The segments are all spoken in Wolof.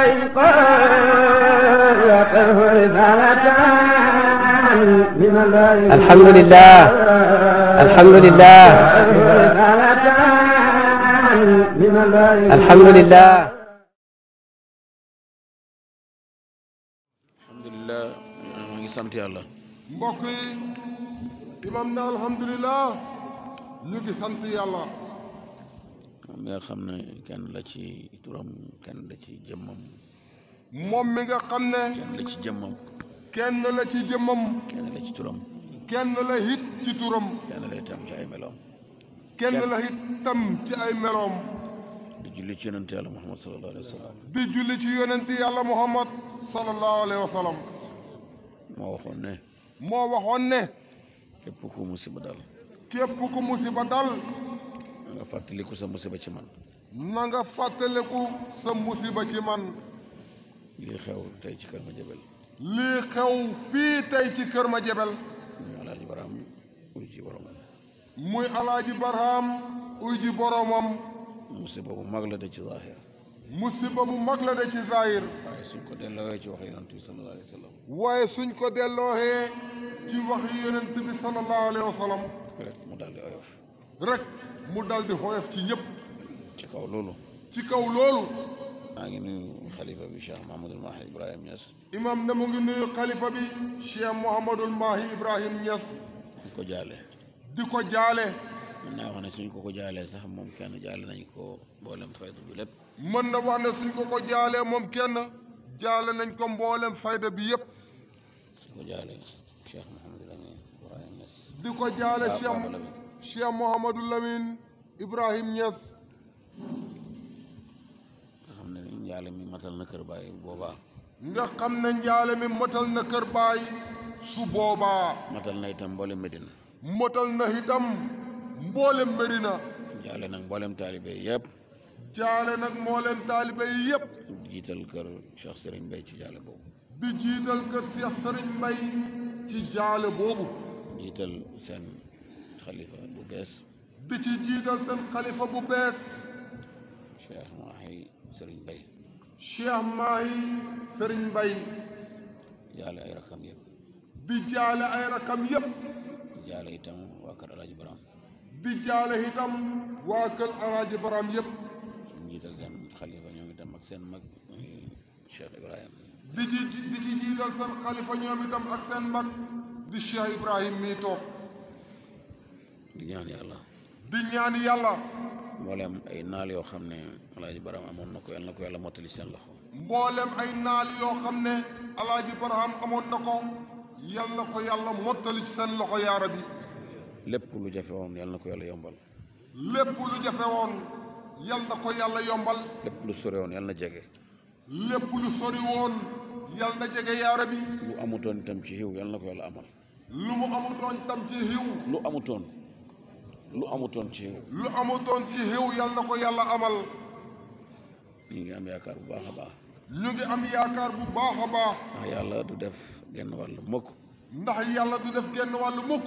وإن الحمد لله الحمد لله الحمد لله الحمد لله maa ngi sant yàlla. mbokk yi imam na alhamdulilah ñu ngi sant yàlla. mi nga xam ne kenn la ci turam kenn la ci jëmmam moom mi nga xam ne kenn la ci jëmmam kenn la ci jëmmam kenn ci turam kenn la it ci turam kenn la itam ci ay meloom kenn la itam ci ay meloom di julli ci yonente yàlla muhammad sallallahu alayhi wa sallam di julli ci yonente yàlla muhammad sallallahu alayhi wa moo waxoon ne moo waxoon ne képp ku musiba dal képp ku musiba dal ma nga fàttaliku sa musiba ci man na nga fàttaliku sa musiba ci man lii xew tey ci kër ma jebel lii xew fii tey ci kër ma jebel muy alaaji baraam uy ji boromam muy alaaji baraam uy ji boromam musiba bu mag la de ci zaahir musiba bu mag la de ci zaahir waaye suñ ko delloohee ci wax yonent bi waaye suñ ko delloohee ci wax yonent bi sallallahu alayhi wa sallam mu daal oyof rek mu dal di xoyof ci ñëpp. ci kaw loolu. ci kaw loolu. maa ngi nuyu xalifa bi Cheikh Mouhamadul Mahi Ibrahim Niass. imam na mu ngi nuyu xalifa bi Cheikh Mouhamadul Mahi Ibrahim Niass. di ko jaale. di ko jaale. mën naa wax ne suñ ko ko jaalee sax moom kenn jaale nañ ko mboolem fayda mën na wax ne suñ ko ko jaalee moom kenn jaale nañ ko mboolem fayda bi yëpp. ko jaale Cheikh Mouhamadul Amin Ibrahim Cheikh Mouhamadou Lamine Ibrahim Niass. nga xam ne njaale mi matal na kër baay boobaa. nga xam ne njaale mi matal na kër baay su boobaa. matal na itam mboolem Medina. matal na itam mboolem Medina. jaale nag mboolem taalibe jaale nag mboolem taalibe yëpp. di jiital kër Cheikh Serigne Mbaye ci jaale boobu. di jiital kër ci jaale boobu. xalifa bu bees di ci jiital seen xalifa bu bees cheikh maahi sëriñ bay cheikh maahi sëriñ bay jaale ay rakam yëpp di jaale ay rakam yëpp di jaale itam waa kër alaaji baram di jaale itam ak seen mag cheikh ibrahim di ci di ci xalifa ñoom itam ak seen mag di cheikh ibrahim mii di ñaan yàlla. di ñaan yàlla. mboolem ay naal yoo xam ne Alaaji Baram amoon na ko yàlla mottali seen loxo. mboolem ay naal xam ne Alaaji Baram amoon na ko yàlla mottali seen loxo yaa rabbi. lépp lu jafe woon ko yàlla yombal. lépp lu jafe woon yal na ko yàlla yombal. lépp lu sori woon yal na jege. lépp lu sori woon yal na jege yaa lu amutoon itam ci xiw yal ko yàlla amal. lu mu amutoon itam ci xiw. lu amutoon. lu amutoon ci xew lu amutoon ci xew ko yàlla amal ñu ngi am yaakaar bu baax a baax bu baax a ndax yàlla du def genn wàllu mukk ndax yàlla du def genn wàllu mukk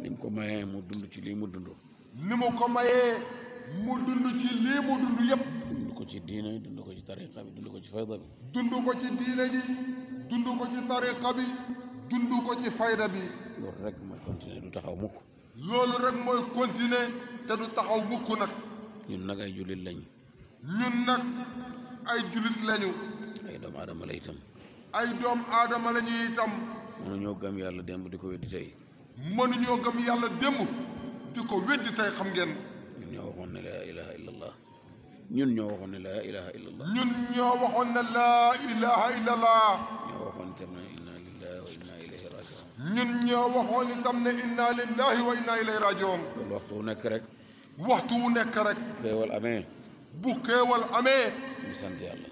ni ko mayee mu dund ci lii mu dund ni mu ko mayee mu dund ci lii mu dund yépp dund ko ci diine dund ko ci tariqa bi dund ko ci fayda bi dund ko ci diine ji dund ko ci tariqa bi dund ko ci fayda bi loolu rek mooy continuer du taxaw mukk loolu rek mooy continuer te du taxaw mukk nag ñun nag ay jullit lañ ñun nag ay jullit lañu ay doom aadama la itam ay doom aadama la ñuy itam mënuñoo gëm yàlla démb di ko weddi tey mënuñoo gëm yàlla démb di ko weddi tey xam ngeen ñun ñoo waxoon ne laa ilaha illa ñun ñoo waxoon ne laa ilaha illa ñun ñoo waxoon itam ne inna lillahi wa inna ilayhi rajiun loolu waxtu wu nekk rek waxtu wu nekk rek bu xéewal amee bu xéewal amee ñu ngi sant yàlla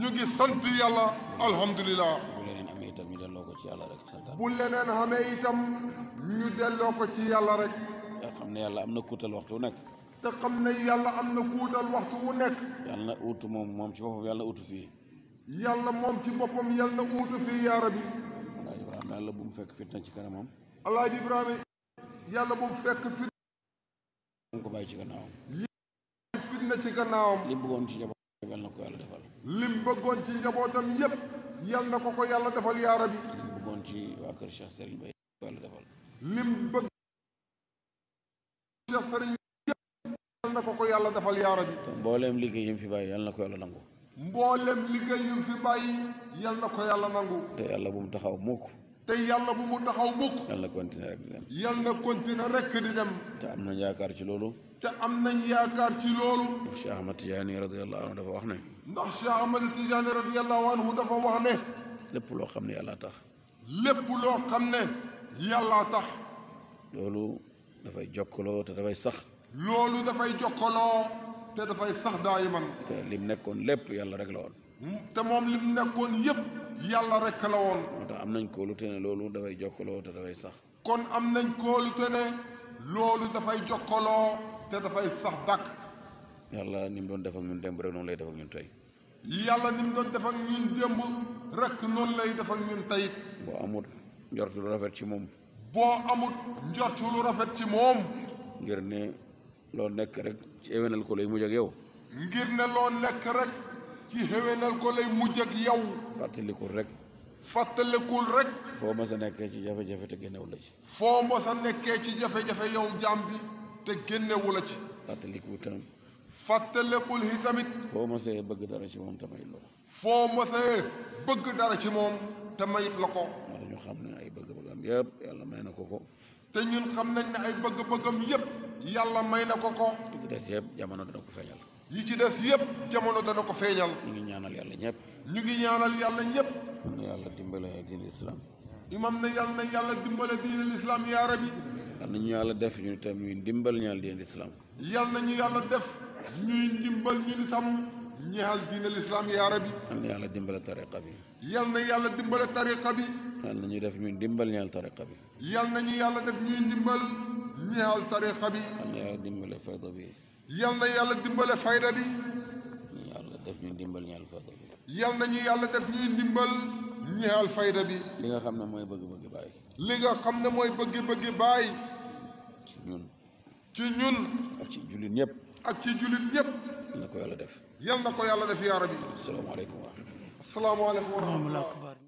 ñu ngi sant yàlla alhamdulilah bu leneen amee itam ñu delloo ko ci yàlla rek bu leneen amee itam ñu delloo ko ci yàlla rek te xam ne yàlla am na kuutal waxtu wu nekk te xam ne yàlla am na kuutal waxtu na uutu moom moom ci boppam yàlla na uutu fii yàlla moom ci boppam yàlla na uutu fii yàlla bu mu fekk fitna ci kanamam. alaaji Ibrahima yàlla bu mu fekk fitna. mu ci gannaawam. yéen li bëggoon ci njabootam yàlla na ko yàlla defal. li mu ci njabootam yépp na ko ko yàlla defal yaa rabbi. ci waa kër Cheikh Serigne li mu na ko yàlla defal yaa rabbi. mbooleem liggéey yi mu fi bàyyi yàlla na ko yàlla nangu. mboolem liggéey yu fi bàyyi yal ko yàlla nangu. te yàlla bu mu taxaw mukk. tey yàlla bu mu taxaw mukk yàlla continuer rek di dem. yàlla continuer am nañ yaakaar ci loolu. te am nañ yaakaar ci loolu. ndax Cheikh Ahmad Tidiane radiyallahu anhu dafa ne. ndax Cheikh Ahmad Tidiane radiyallahu anhu dafa wax lépp loo xam ne yàlla tax. lépp loo xam ne yàlla tax. loolu dafay jokkaloo te dafay sax. loolu dafay jokkaloo te dafay sax daayiman. te lim nekkoon lépp yàlla rek la yàlla rek la woon. moo tax am nañ kóolute ne loolu dafay jokkaloo te dafay sax. kon am nañ kóolute ne loolu dafay jokkaloo te dafay sax dàkk. yàlla ni mu doon def ak ñun démb rek noonu lay def ak ñun tey. yàlla ni mu doon def rek noonu lay def ak tey. boo amut njortu lu rafet ci moom. boo amut njortu rafet ci moom. ngir ne loo nekk rek ci éwénal ko lay mu ak yow. ngir ne loo nekk rek. ci xéwénal ko lay mujj ak yow. fàttalikul rek. fàttalikul rek. foo ma sa nekkee ci jafe-jafe te génnewu la ci. foo ma sa ci jafe-jafe yow jaam bi te génnewu la ci. fàttalikul tamit. fàttalikul yi tamit. foo ma bëgg dara ci moom te may la foo mose bëgg dara ci moom te may la ko. moo tax ñu xam ne ay bëgg-bëggam yëpp yàlla may na ko ko. te ñun xam nañ ne ay bëgg-bëggam yëpp yàlla may na ko ko. li des yëpp jamono dana ko feeñal. yi ci des yëpp jamono dana ko feeñal. ñu ngi ñaanal yàlla ñëpp. ñu ngi ñaanal yàlla ñëpp. am na yàlla dimbale diine lislaam. imam na yàlla na yàlla dimbale diine lislaam yaa rabi. yal na ñu yàlla def ñu tam ñuy dimbal ñaal diine lislaam. yal na ñu yàlla def. ñuy dimbal ñu tam ñaal diine lislaam yaa rabi. yal na yàlla dimbale tariqa bi. yal na yàlla dimbale tariqa bi. yal na ñu def ñuy dimbal ñaal tariqa bi. yal na ñu yàlla def ñuy dimbal ñaal tariqa bi. yal na yàlla dimbale fayda bi. yal na yàlla dimbale fayda bi. yàlla def ñuy ndimbal ñaal fayda bi. yal na ñu yàlla def ñuy ndimbal ñaal fayda bi. li nga xam ne mooy bëgg-bëgg baay. li nga xam ne mooy bëgg-bëgg baay. ci ñun. ci ñun. ak ci jullit ñëpp. ak ci jullit ñëpp. yal na ko yàlla def. yal na ko yàlla def yaa rabbi. asalaamaaleykum wa rahmatulah. asalaamaaleykum wa rahmatulah.